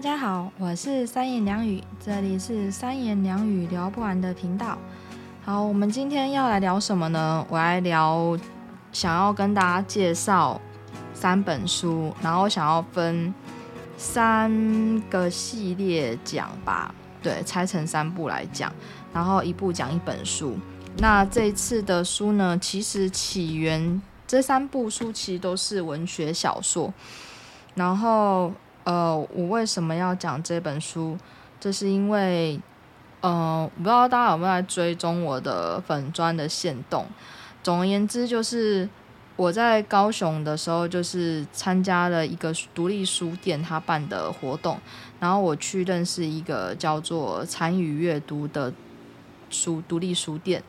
大家好，我是三妍良語，這裡是三妍良語聊不完的頻道。好，我們今天要來聊什麼呢？我來聊，想要跟大家介紹三本書，然後想要分三個系列講吧，對，拆成三部來講，然後一部講一本書。那這次的書呢，其實起源這三部書其實都是文學小說，然後。呃，我為什麼要講這本書？這是因為，呃，我不知道大家有沒有在追蹤我的粉專的限動。總而言之，就是我在高雄的時候，就是參加了一個獨立書店他辦的活動，然後我去認識一個叫做參與閱讀的書獨立書店。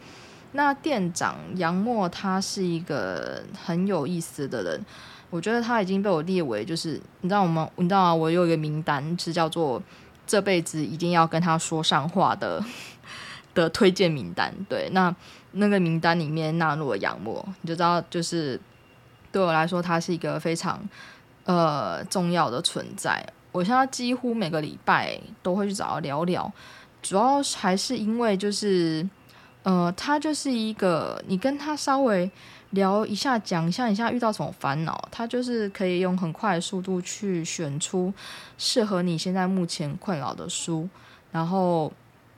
那店長楊默他是一個很有意思的人。我覺得他已經被我列為，就是你知道我們，你知道啊，我有一個名單是叫做這輩子一定要跟他說上話的的推薦名單。對，那那個名單裡面納入了楊默，你就知道，就是對我來說，他是一個非常呃重要的存在。我現在幾乎每個禮拜都會去找他聊聊，主要還是因為就是呃，他就是一個你跟他稍微。聊一下，講一下一下遇到什麼煩惱，他就是可以用很快的速度去選出適合你現在目前困擾的書，然後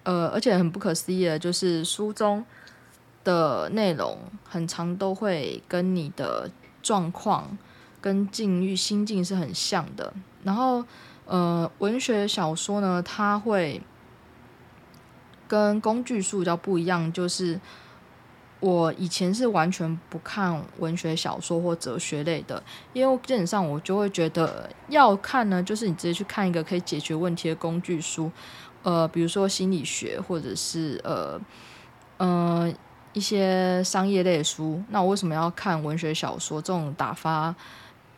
呃，而且很不可思議的就是書中的內容很常都會跟你的狀況跟境遇心境是很像的，然後呃，文學小說呢，它會跟工具書比較不一樣，就是。我以前是完全不看文學小說或哲學類的，因為基本上我就會覺得要看呢，就是你直接去看一個可以解決問題的工具書，呃，比如說心理學，或者是呃，嗯、呃，一些商業類的書。那我為什麼要看文學小說這種打發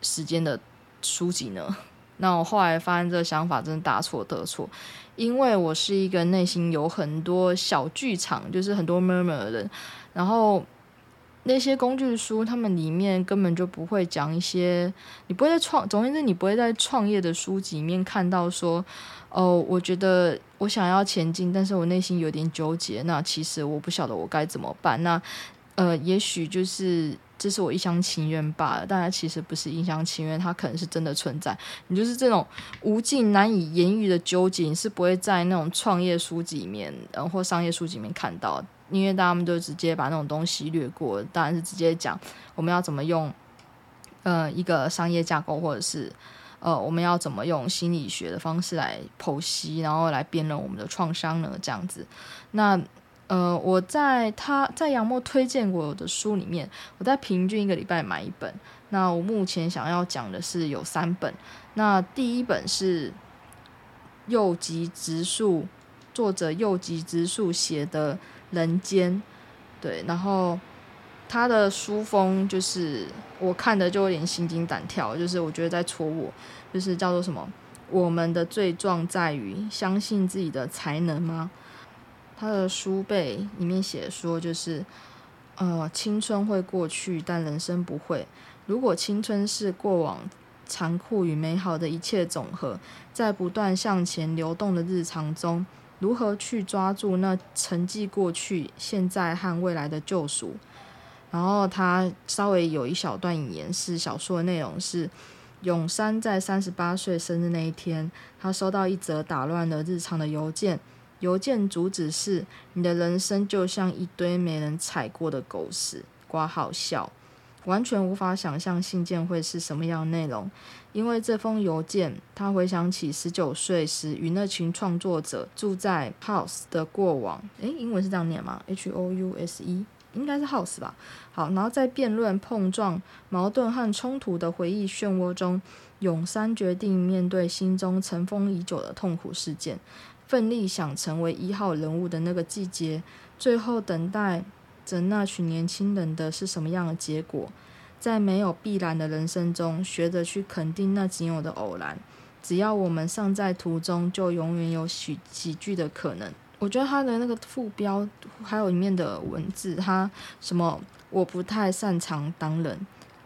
時間的書籍呢？那我後來發現這個想法真的大錯特錯，因為我是一個內心有很多小劇場，就是很多 murmur 的人。然後那些工具書，他們裡面根本就不會講一些，你不會在創，總之，你不會在創業的書籍裡面看到說，哦、呃，我覺得我想要前進，但是我內心有點糾結，那其實我不曉得我該怎麼辦。那呃，也許就是這是我一廂情願罷了，大家其實不是一廂情願，它可能是真的存在。你就是這種無盡難以言喻的糾結，你是不會在那種創業書籍裡面，然、呃、後或商業書籍裡面看到的。因為他們就直接把那種東西略過，當然是直接講我們要怎麼用，呃，一個商業架構，或者是呃，我們要怎麼用心理學的方式來剖析，然後來辯論我們的創傷呢？這樣子。那呃，我在他在楊默推薦過的書裡面，我在平均一個禮拜買一本。那我目前想要講的是有三本。那第一本是《又吉直樹》，作者又吉直樹寫的。人間，對，然後他的書封就是我看的就有點心驚膽跳，就是我覺得在戳我，就是叫做什麼？我們的罪狀在於相信自己的才能嗎？他的書背裡面寫說，就是呃，青春會過去，但人生不會。如果青春是過往殘酷與美好的一切總和，在不斷向前流動的日常中。如何去抓住那沉寂過去、現在和未來的救贖？然後他稍微有一小段引言是小說的內容是：是永山在三十八歲生日那一天，他收到一則打亂了日常的郵件。郵件主旨是：“你的人生就像一堆沒人踩過的狗屎。”掛好笑，完全無法想象信件會是什麼樣的內容。因為這封郵件，他回想起十九歲時與那群創作者住在 house 的過往。誒，英文是這樣念嗎？H O U S E，應該是 house 吧。好，然後在辯論、碰撞、矛盾和衝突的回憶漩渦中，永山決定面對心中塵封已久的痛苦事件，奮力想成為一號人物的那個季節，最後等待着那群年輕人的是什麼樣的結果？在沒有必然的人生中，學着去肯定那僅有的偶然。只要我們尚在途中，就永遠有喜喜劇的可能。我覺得他的那個副標還有裡面的文字，他什麼我不太擅長當人，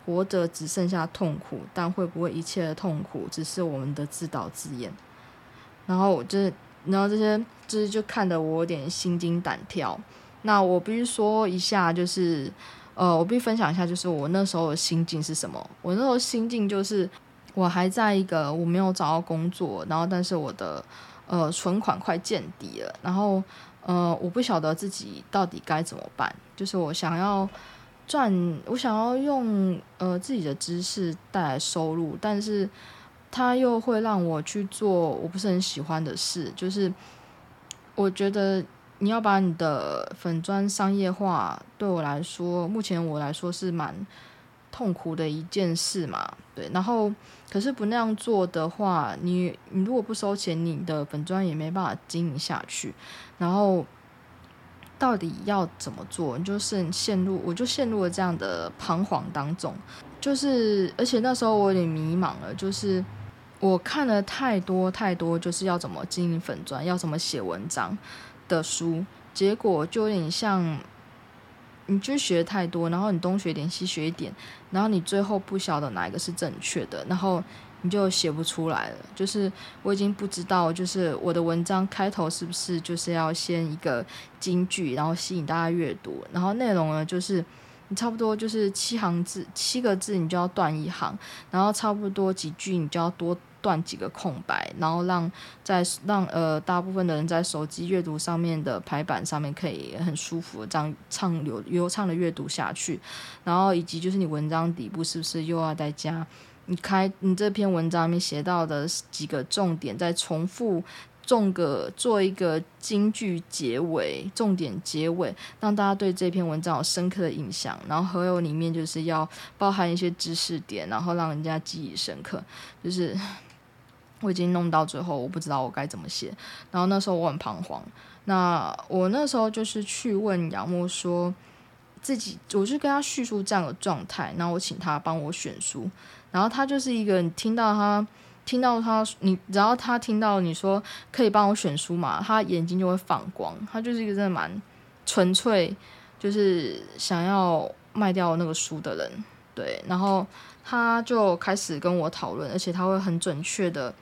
活着只剩下痛苦，但會不會一切的痛苦只是我們的自導自演？然後這，然後這些，這些就是，就看得我有點心驚膽跳。那我必須說一下，就是。呃，我必分享一下，就是我那時候的心境是什麼？我那時候心境就是，我還在一個我沒有找到工作，然後但是我的呃存款快見底了，然後呃我不曉得自己到底該怎麼辦。就是我想要賺，我想要用呃自己的知識帶來收入，但是它又會讓我去做我不是很喜歡的事，就是我覺得。你要把你的粉專商業化，對我來說，目前我來說是蠻痛苦的一件事嘛。對，然後可是不那樣做的話，你你如果不收錢，你的粉專也沒辦法經營下去。然後到底要怎麼做？你就是你陷入，我就陷入了這樣的彷徨當中。就是而且那時候我有點迷茫了，就是我看了太多太多，就是要怎麼經營粉專，要怎麼寫文章。的書，結果就有點像，你就學太多，然後你東學一點西學一點，然後你最後不曉得哪一個是正確的，然後你就寫不出來了。就是我已經不知道，就是我的文章開頭是不是就是要先一個金句，然後吸引大家閱讀，然後內容呢就是你差不多就是七行字七個字你就要斷一行，然後差不多幾句你就要多。斷幾個空白，然後讓在讓呃，大部分的人在手機閱讀上面的排版上面可以很舒服這樣，暢流流暢的閱讀下去，然後以及就是你文章底部是不是又要再加你開你這篇文章裡面寫到的幾個重點，再重複重個做一個金句結尾，重點結尾，讓大家對這篇文章有深刻的印象，然後還有裡面就是要包含一些知識點，然後讓人家記憶深刻，就是。我已經弄到最後，我不知道我該怎麼寫。然後那時候我很彷徨。那我那時候就是去問楊默，說自己，我就跟他敘述這樣的狀態。然後我請他幫我選書。然後他就是一個，你聽到他聽到他，你然後他聽到你說可以幫我選書嘛，他眼睛就會放光。他就是一個真的蠻純粹，就是想要賣掉那個書的人。對，然後他就開始跟我討論，而且他會很準確的。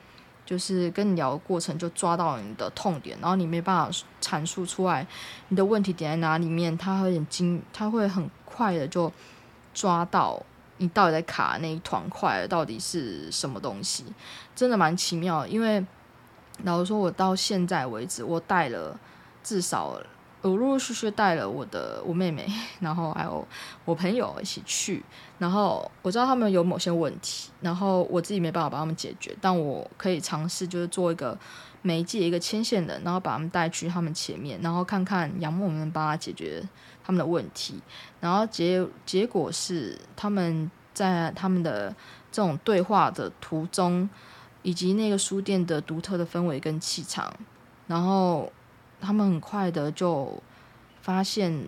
就是跟你聊的過程，就抓到你的痛點，然後你沒辦法闡述出來你的問題點在哪裡面，他會很精，他會很快的就抓到你到底在卡那一團塊到底是什麼東西，真的蠻奇妙。因為老實說，我到現在為止，我帶了至少。我陸陸續續帶了我的我妹妹，然後還有我朋友一起去，然後我知道他們有某些問題，然後我自己沒辦法幫他們解決，但我可以嘗試就是做一個媒介一個牽線人，然後把他們帶去他們前面，然後看看楊默能不能幫他解決他們的問題，然後結結果是他們在他們的這種對話的途中，以及那個書店的獨特的氛圍跟氣場，然後。他們很快的就發現，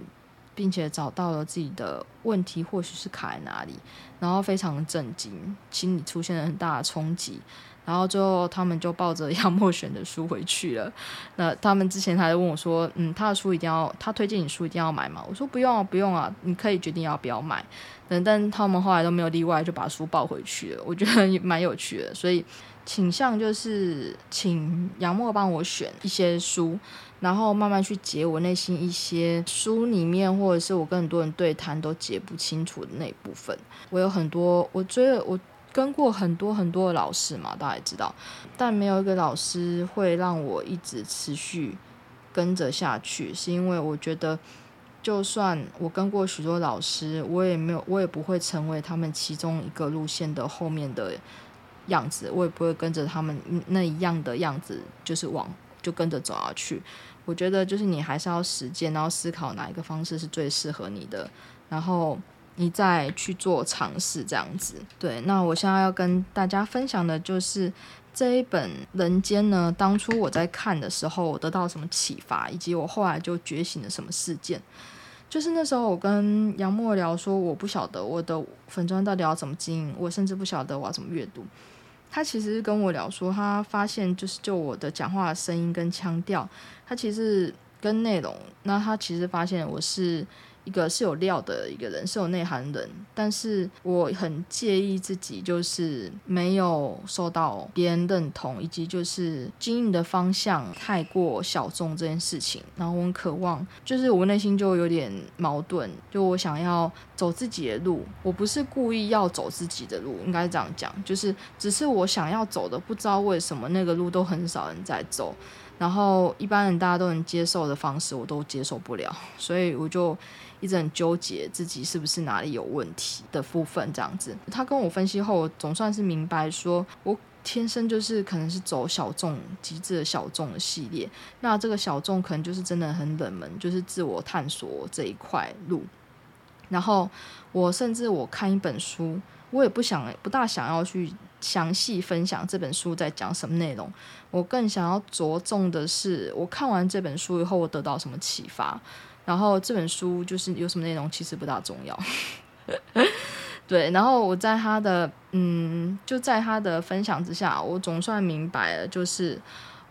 並且找到了自己的問題，或許是卡在哪裡，然後非常的震驚，心裡出現了很大的衝擊，然後最後他們就抱着楊默選的書回去了。那他們之前還問我說：“嗯，他的書一定要，他推薦你書一定要買嗎？”我說：“不用啊，不用啊，你可以決定要不要買。”但但他們後來都沒有例外，就把書抱回去了。我覺得也蠻有趣的，所以。傾向就是請楊默幫我選一些書，然後慢慢去解我內心一些書裡面或者是我跟很多人對談都解不清楚的那一部分。我有很多，我覺得我跟過很多很多的老師嘛，大家也知道，但沒有一個老師會讓我一直持續跟着下去，是因為我覺得，就算我跟過許多老師，我也沒有，我也不會成為他們其中一個路線的後面的樣子，我也不會跟着他們那一樣的樣子，就是往就跟着走下去。我覺得就是你還是要實踐，然後思考哪一個方式是最適合你的，然後你再去做嘗試，這樣子。對，那我現在要跟大家分享的就是這一本《人間》呢，當初我在看的時候，我得到什麼啟發，以及我後來就覺醒了什麼事件。就是那時候，我跟楊默聊說，我不曉得我的粉專到底要怎麼經營，我甚至不曉得我要怎麼閱讀。他其實跟我聊說，他發現就是就我的講話的聲音跟腔調，他其實跟內容，那他其實發現我是。一個是有料的一個人，是有內涵人，但是我很介意自己就是沒有受到別人認同，以及就是經營的方向太過小眾這件事情。然後我很渴望，就是我內心就有點矛盾，就我想要走自己的路。我不是故意要走自己的路，應該是這樣講，就是只是我想要走的，不知道為什麼那個路都很少人在走。然後一般人大家都能接受的方式，我都接受不了，所以我就一直很糾結自己是不是哪裡有問題的部分這樣子。他跟我分析後，總算是明白，說我天生就是可能是走小眾極致的小眾的系列。那這個小眾可能就是真的很冷門，就是自我探索這一塊路。然後我甚至我看一本書，我也不想不大想要去。詳細分享這本書在講什麼內容，我更想要着重的是，我看完這本書以後我得到什麼啟發。然後這本書就是有什麼內容其實不大重要， 對。然後我在他的嗯，就在他的分享之下，我總算明白了，就是。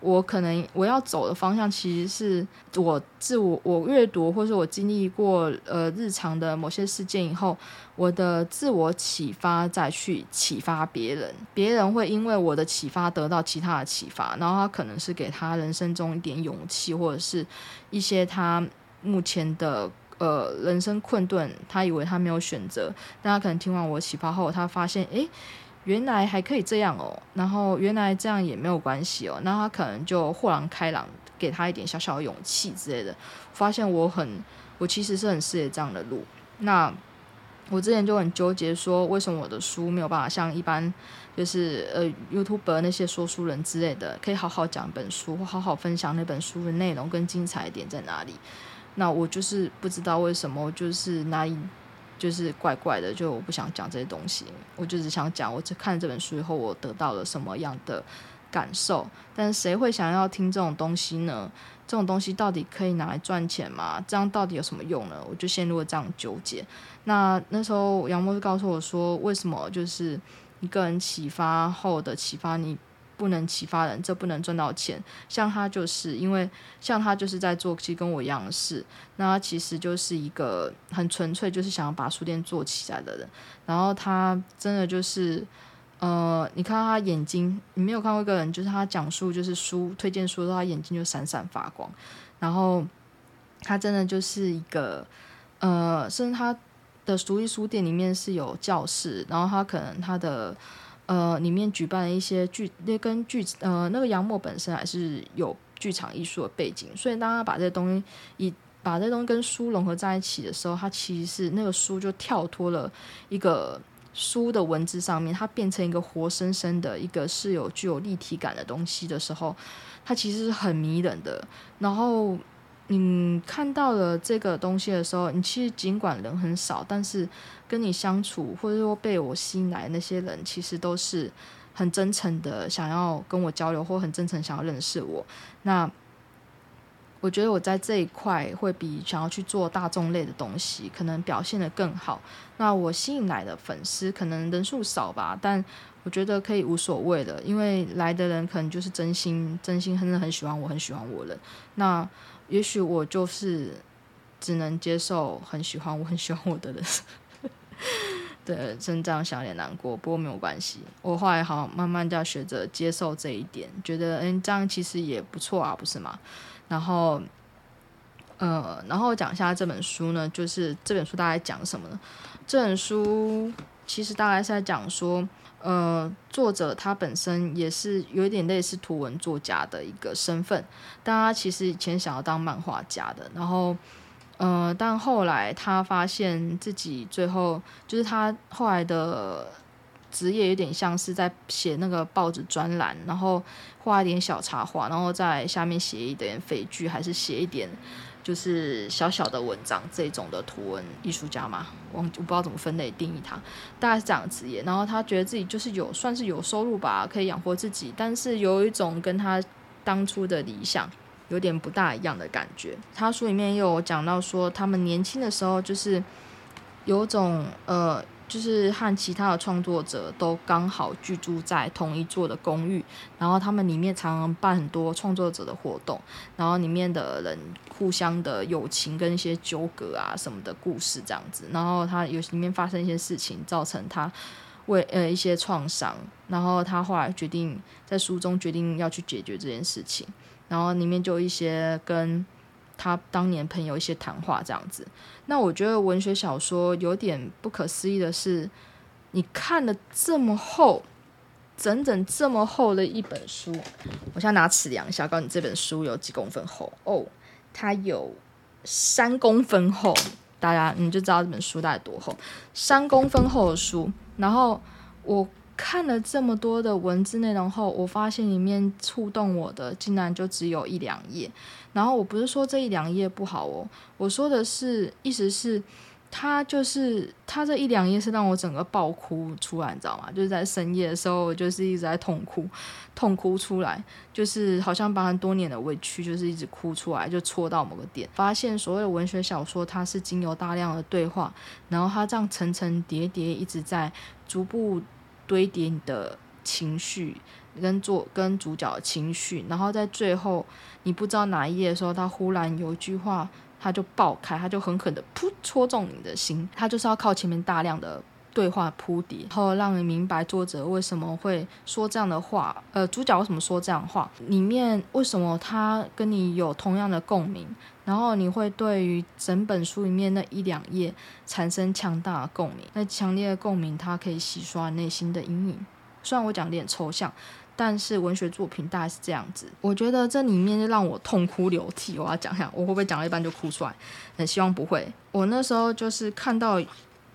我可能我要走的方向，其實是我自我我閱讀，或是我經歷過呃日常的某些事件以後，我的自我啟發再去啟發別人，別人會因為我的啟發得到其他的啟發，然後他可能是給他人生中一點勇氣，或者是一些他目前的呃人生困頓，他以為他沒有選擇，但他可能聽完我啟發後，他發現誒。原來還可以這樣哦，然後原來這樣也沒有關係哦，那他可能就豁然開朗，給他一點小小的勇氣之類的，發現我很，我其實是很適合這樣的路。那我之前就很糾結，說為什麼我的書沒有辦法像一般，就是呃 YouTuber 那些說書人之類的，可以好好講一本書，或好好分享那本書的內容跟精彩點在哪裡？那我就是不知道為什麼，就是那一。就是怪怪的，就我不想講這些東西，我就只想講我只看了這本書以後我得到了什麼樣的感受。但誰會想要聽這種東西呢？這種東西到底可以拿來賺錢嗎？這樣到底有什麼用呢？我就陷入了這樣糾結。那那時候楊默就告訴我說，為什麼就是一個人啟發後的啟發你，不能啟發人，這不能賺到錢。像他就是因為，像他就是在做其實跟我一樣的事。那他其實就是一個很純粹，就是想要把書店做起來的人。然後他真的就是，呃，你看他眼睛，你沒有看過一個人，就是他講述就是書推薦書他的，他眼睛就閃閃發光。然後他真的就是一個，呃，甚至他的獨立書店裡面是有教室，然後他可能他的。呃，裡面舉辦一些劇，那跟劇呃，那個楊默本身還是有劇場藝術的背景，所以當他把這些東西以把這些東西跟書融合在一起的時候，它其實是那個書就跳脫了一個書的文字上面，它變成一個活生生的一個是有具有立體感的東西的時候，它其實是很迷人的，然後。你看到了這個東西的時候，你其實儘管人很少，但是跟你相處或者說被我吸引來的那些人，其實都是很真誠的，想要跟我交流或很真誠想要認識我。那我覺得我在這一塊會比想要去做大眾類的東西可能表現得更好。那我吸引來的粉絲可能人數少吧，但我覺得可以無所謂的，因為來的人可能就是真心、真心、很、很喜歡我、很喜歡我的人。那也許我就是只能接受很喜歡我很喜歡我的人， 對，真這樣想也難過。不過沒有關係，我後來好慢慢就要學着接受這一點，覺得嗯、欸，這樣其實也不錯啊，不是嗎？然後，呃，然後講一下這本書呢，就是這本書大概講什麼呢？這本書其實大概是在講說。呃，作者他本身也是有一點類似圖文作家的一個身份，但他其實以前想要當漫畫家的，然後，呃，但後來他發現自己最後就是他後來的職業有點像是在寫那個報紙專欄，然後畫一點小插畫，然後在下面寫一點俳句，還是寫一點。就是小小的文章這種的圖文藝術家嘛。我我不知道怎麼分類定義他，大概是這樣職業。然後他覺得自己就是有算是有收入吧，可以養活自己，但是有一種跟他當初的理想有點不大一樣的感覺。他書裡面也有講到說，他們年輕的時候就是有種呃，就是和其他的創作者都剛好居住在同一座的公寓，然後他們裡面常常辦很多創作者的活動，然後裡面的人。互相的友情跟一些糾葛啊，什麼的故事這樣子，然後他有裡面發生一些事情，造成他為呃一些創傷，然後他後來決定在書中決定要去解決這件事情，然後裡面就一些跟他當年朋友一些談話這樣子。那我覺得文學小說有點不可思議的是，你看了這麼厚，整整這麼厚的一本書，我現在拿尺量一下，我告訴你這本書有幾公分厚哦。它有三公分厚，大家你就知道這本書大概多厚。三公分厚的書，然後我看了這麼多的文字內容後，我發現裡面觸動我的竟然就只有一兩頁。然後我不是說這一兩頁不好哦，我說的是，意思是。他就是他這一兩頁是讓我整個爆哭出來，你知道嗎？就是在深夜的時候，就是一直在痛哭，痛哭出來，就是好像把很多年的委屈，就是一直哭出來，就戳到某個點，發現所謂的文學小說，它是經由大量的對話，然後它這樣層層疊疊，疊一直在逐步堆疊你的情緒跟做，跟作跟主角的情緒，然後在最後你不知道哪一頁的時候，他忽然有一句話。它就爆開，它就狠狠的噗戳中你的心。它就是要靠前面大量的對話鋪底，然後讓你明白作者為什麼會說這樣的話，呃，主角為什麼說這樣的話，裡面為什麼他跟你有同樣的共鳴，然後你會對於整本書裡面那一兩頁產生強大的共鳴。那強烈的共鳴，它可以洗刷內心的陰影。雖然我講的很抽象。但是文學作品大概是這樣子，我覺得這裡面就讓我痛哭流涕。我要講一下，我會不會講到一半就哭出來？很，嗯，希望不會。我那時候就是看到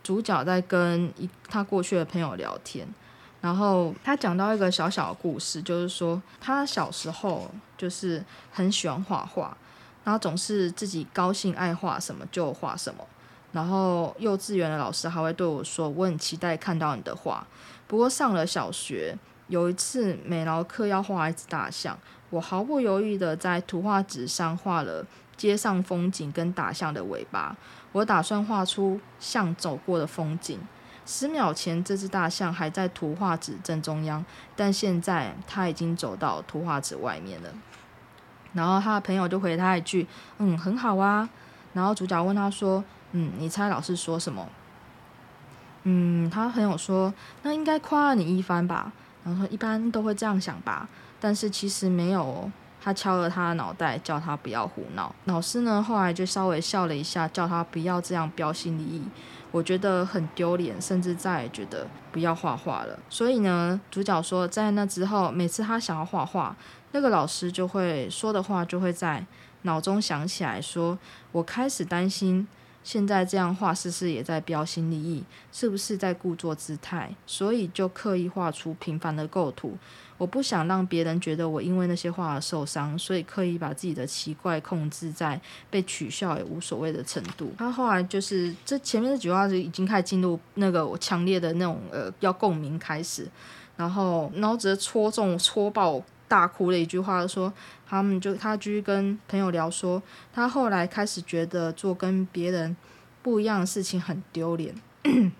主角在跟一他過去的朋友聊天，然後他講到一個小小的故事，就是說他小時候就是很喜歡畫畫，然後總是自己高興愛畫什麼就畫什麼，然後幼稚園的老師還會對我說，我很期待看到你的畫。不過上了小學。有一次，美勞課要畫一隻大象，我毫不猶豫的在圖畫紙上畫了街上風景跟大象的尾巴。我打算畫出象走過的風景。十秒前，這隻大象還在圖畫紙正中央，但現在它已經走到圖畫紙外面了。然後他的朋友就回他一句：“嗯，很好啊。”然後主角問他說：“嗯，你猜老師說什麼？”“嗯，他朋友說，那應該誇你一番吧。”然後一般都會這樣想吧，但是其實沒有。他敲了他的腦袋，叫他不要胡鬧。老師呢，後來就稍微笑了一下，叫他不要這樣標新立異。我覺得很丟臉，甚至再也覺得不要畫畫了。所以呢，主角說，在那之後，每次他想要畫畫，那個老師就會說的話就會在腦中想起來說，說我開始擔心。現在這樣畫，是不是也在標新立異，是不是在故作姿態？所以就刻意畫出平凡的構圖。我不想讓別人覺得我因為那些畫而受傷，所以刻意把自己的奇怪控制在被取笑也無所謂的程度。他後，後來就是這前面這幾句話就已經開始進入那個我強烈的那種呃要共鳴開始，然後然後直接戳中戳爆大哭的一句話說。他們、啊、就他居跟朋友聊說，他後來開始覺得做跟別人不一樣的事情很丟臉，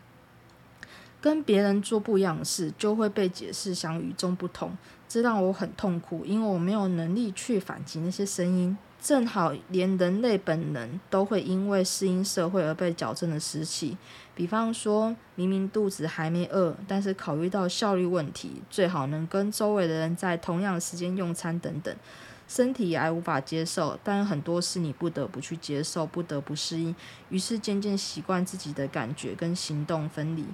跟別人做不一樣的事就會被解釋想與眾不同，這讓我很痛苦，因為我沒有能力去反擊那些聲音。正好連人類本能都會因為適應社會而被矯正的時期，比方說明明肚子還沒餓，但是考慮到效率問題，最好能跟周圍的人在同樣的時間用餐等等。身體也還無法接受，但很多事你不得不去接受，不得不適應，於是漸漸習慣自己的感覺跟行動分離。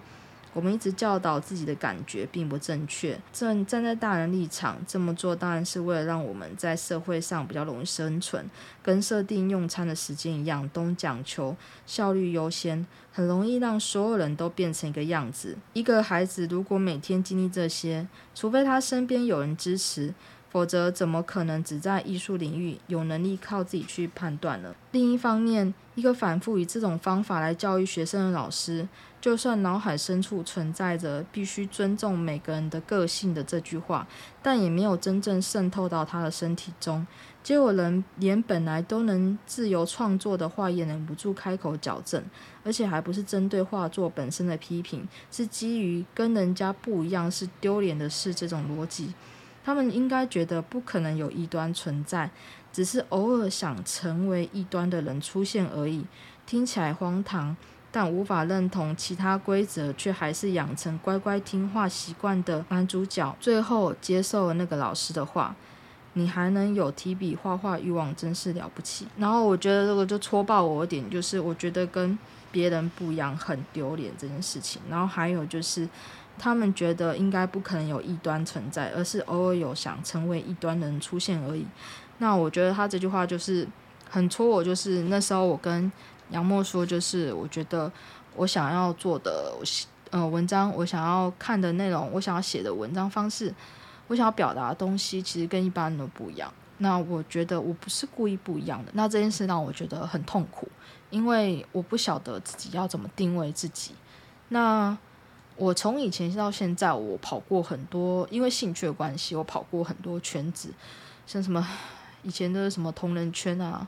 我們一直教導自己的感覺並不正確。正站在大人立場，這麼做當然是為了讓我們在社會上比較容易生存。跟設定用餐的時間一樣，都講求效率優先，很容易讓所有人都變成一個樣子。一個孩子如果每天經歷這些，除非他身邊有人支持。否則，怎麼可能只在藝術領域有能力靠自己去判斷呢？另一方面，一個反復以這種方法來教育學生的老師，就算腦海深處存在着“必須尊重每個人的個性”的這句話，但也沒有真正滲透到他的身體中。結果，人連本來都能自由創作的畫，也忍不住開口矯正，而且還不是針對畫作本身的批評，是基於跟人家不一樣是丟臉的事這種邏輯。他們應該覺得不可能有異端存在，只是偶爾想成為異端的人出現而已。聽起來荒唐，但無法認同其他規則卻還是養成乖乖聽話習慣的男主角，最後接受了那個老師的話。你還能有提筆畫畫慾望，真是了不起。然後我覺得，這個就戳爆我一點，就是我覺得跟別人不一樣很丟臉這件事情。然後還有就是。他們覺得應該不可能有異端存在，而是偶爾有想成為異端的人出現而已。那我覺得他這句話就是很戳我，就是那時候我跟楊默說，就是我覺得我想要做的，呃，文章我想要看的內容，我想要寫的文章方式，我想要表達的東西，其實跟一般人都不一樣。那我覺得我不是故意不一樣的。那這件事讓我覺得很痛苦，因為我不曉得自己要怎麼定位自己。那。我從以前到現在，我跑過很多，因為興趣的關係，我跑過很多圈子，像什麼以前都是什麼同人圈啊、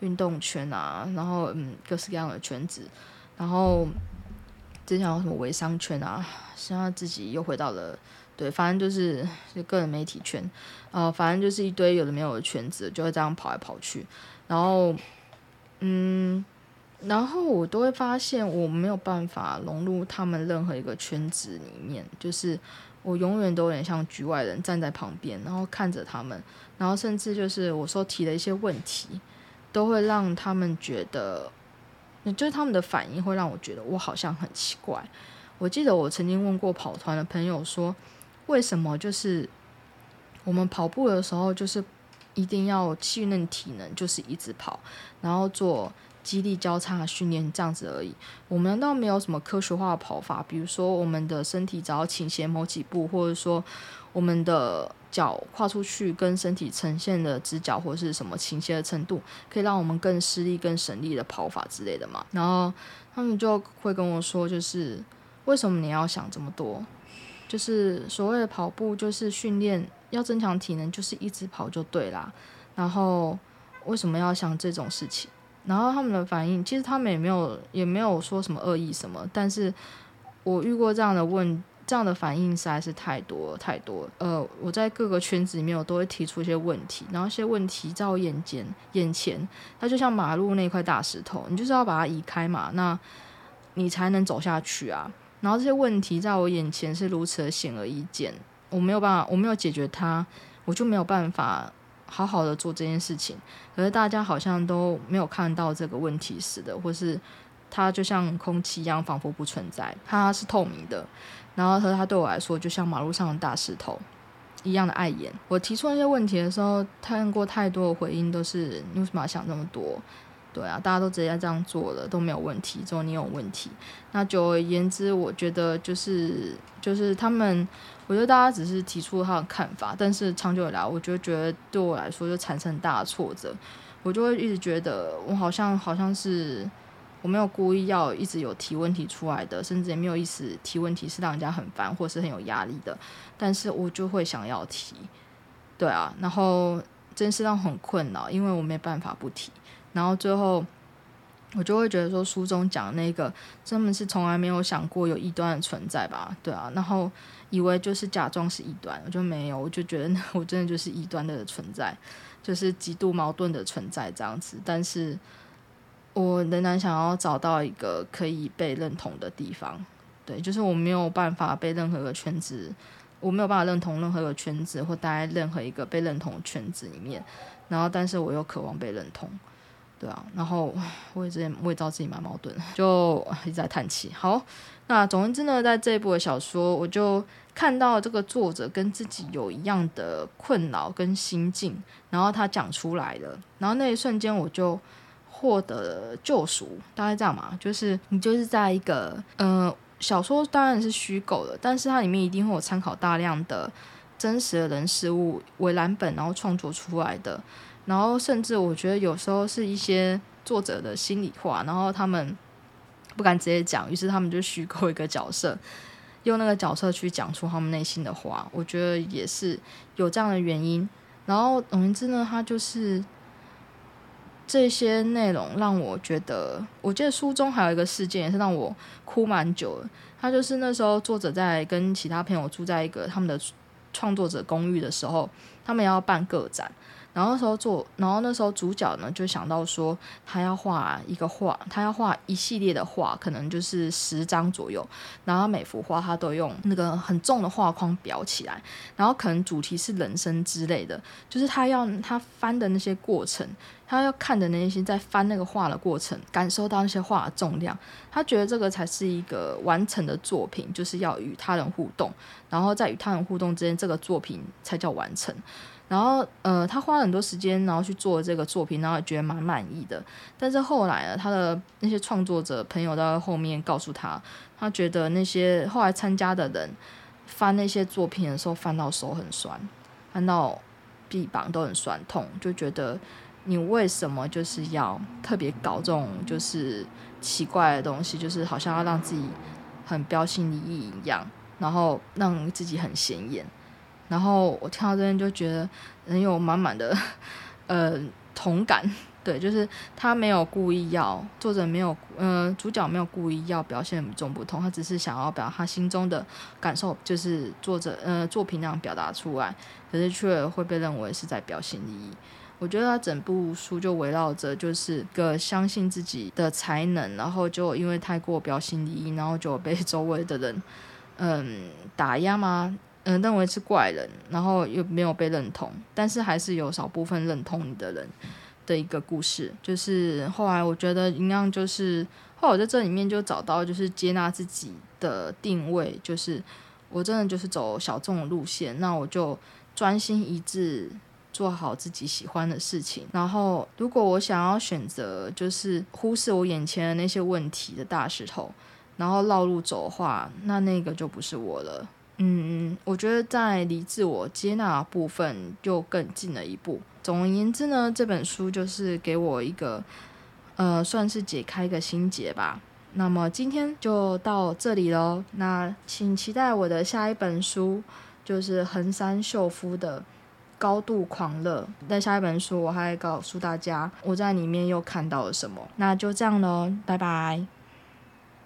運動圈啊，然後嗯，各式各樣的圈子，然後之前有什麼微商圈啊，現在自己又回到了對，反正就是就個人媒體圈，呃，反正就是一堆有的沒有的圈子，就會這樣跑來跑去，然後嗯。然後我都會發現，我沒有辦法融入他們任何一個圈子裡面，就是我永遠都有點像局外人，站在旁邊，然後看着他們，然後甚至就是我所提的一些問題，都會讓他們覺得，就是他們的反應會讓我覺得我好像很奇怪。我記得我曾經問過跑團的朋友說，為什麼就是我們跑步的時候，就是一定要訓練體能，就是一直跑，然後做。肌力交叉訓練這樣子而已，我們倒沒有什麼科學化的跑法，比如說我們的身體只要傾斜某幾步，或者說我們的腳跨出去跟身體呈現的直角或是什麼傾斜的程度，可以讓我們更施力、更省力的跑法之類的嘛。然後他們就會跟我說，就是為什麼你要想這麼多？就是所謂的跑步就是訓練要增強體能，就是一直跑就對啦。然後為什麼要想這種事情？然後他們的反應，其實他們也沒有，也沒有說什麼惡意什麼。但是我遇過這樣的問，這樣的反應實在是太多太多。呃，我在各個圈子裡面，我都會提出一些問題，然後一些問題在我眼前，眼前，它就像馬路那塊大石頭，你就是要把它移開嘛，那你才能走下去啊。然後這些問題在我眼前是如此的顯而易見，我沒有辦法，我沒有解決它，我就沒有辦法，好好的做這件事情，可是大家好像都沒有看到這個問題似的，或是它就像空氣一樣，仿佛不存在，它是透明的。然後和它對我來說，就像馬路上的大石頭一樣的礙眼。我提出那些問題的時候，看過太多的回應，都是你為什麼要想那麼多？對啊，大家都直接這樣做了，都沒有問題。只有你有問題，那久而久之，我覺得就是就是他們，我覺得大家只是提出了他的看法，但是長久以來，我就覺得對我來說就產生大的挫折。我就會一直覺得我好像好像是我沒有故意要一直有提問題出來的，甚至也沒有意思提問題是讓人家很煩或是很有壓力的。但是我就會想要提，對啊，然後真是讓很困擾，因為我沒辦法不提。然後最後，我就會覺得說，書中講的那個，真的是從來沒有想過有異端的存在吧？對啊，然後以為就是假裝是異端，我就沒有，我就覺得我真的就是異端的存在，就是極度矛盾的存在這樣子。但是，我仍然想要找到一個可以被認同的地方，對，就是我沒有辦法被任何個圈子，我沒有辦法認同任何個圈子，或待在任何一個被認同的圈子裡面。然後，但是我又渴望被認同。對啊，然後我也知道，我也知道自己蠻矛盾，就一直在嘆氣。好，那總之呢，在這一部的小說，我就看到這個作者跟自己有一樣的困擾跟心境，然後他講出來的，然後那一瞬間我就獲得救贖。大概這樣嘛，就是你就是在一個呃小說，當然是虛構的，但是它裡面一定會有參考大量的真實的人事物為藍本，然後創作出來的。然後，甚至我覺得有時候是一些作者的心裡話，然後他們不敢直接講，於是他們就虛構一個角色，用那個角色去講出他們內心的話。我覺得也是有這樣的原因。然後，總之呢，他就是這些內容讓我覺得，我記得書中還有一個事件也是讓我哭蠻久的。他就是那時候作者在跟其他朋友住在一個他們的創作者公寓的時候，他們要辦個展。然後那時候做，然後那時候主角呢，就想到說，他要畫一個畫，他要畫一系列的畫，可能就是十張左右。然後每幅畫他都用那個很重的畫框裱起來。然後可能主題是人生之類的，就是他要他翻的那些過程，他要看的那些，在翻那個畫的過程，感受到那些畫的重量。他覺得這個才是一個完成的作品，就是要與他人互動。然後在與他人互動之間，這個作品才叫完成。然後，呃，他花了很多時間，然後去做這個作品，然後覺得蠻滿意的。但是後來呢，他的那些創作者朋友到後面告訴他，他覺得那些後來參加的人翻那些作品的時候，翻到手很酸，翻到臂膀都很酸痛，就覺得你為什麼就是要特別搞這種就是奇怪的東西，就是好像要讓自己很標新立異一樣，然後讓自己很顯眼。然後我聽到這邊就覺得人有滿滿的，呃，同感。對，就是他沒有故意要，作者沒有，呃，主角沒有故意要表現與眾不同，他只是想要表他心中的感受，就是作者，呃，作品那樣表達出來，可是卻會被認為是在標新立異。我覺得他整部書就圍繞着就是個相信自己的才能，然後就因為太過標新立異，然後就被周圍的人嗯、呃、打壓嗎？嗯、呃，認為是怪人，然後又沒有被認同，但是還是有少部分認同你的人的一個故事。就是後來我覺得應該，就是後來我在這裡面就找到，就是接納自己的定位，就是我真的就是走小眾的路線，那我就專心一致做好自己喜歡的事情。然後，如果我想要選擇就是忽視我眼前的那些問題的大石頭，然後繞路走的話，那那個就不是我了。嗯，我覺得在離自我接納部分就更近了一步。總而言之呢，這本書就是給我一個，呃，算是解開一個心結吧。那麼今天就到這裡嘍，那請期待我的下一本書，就是橫山秀夫的《高度狂熱》。那下一本書我還會告訴大家我在裡面又看到了什麼。那就這樣嘍，拜拜。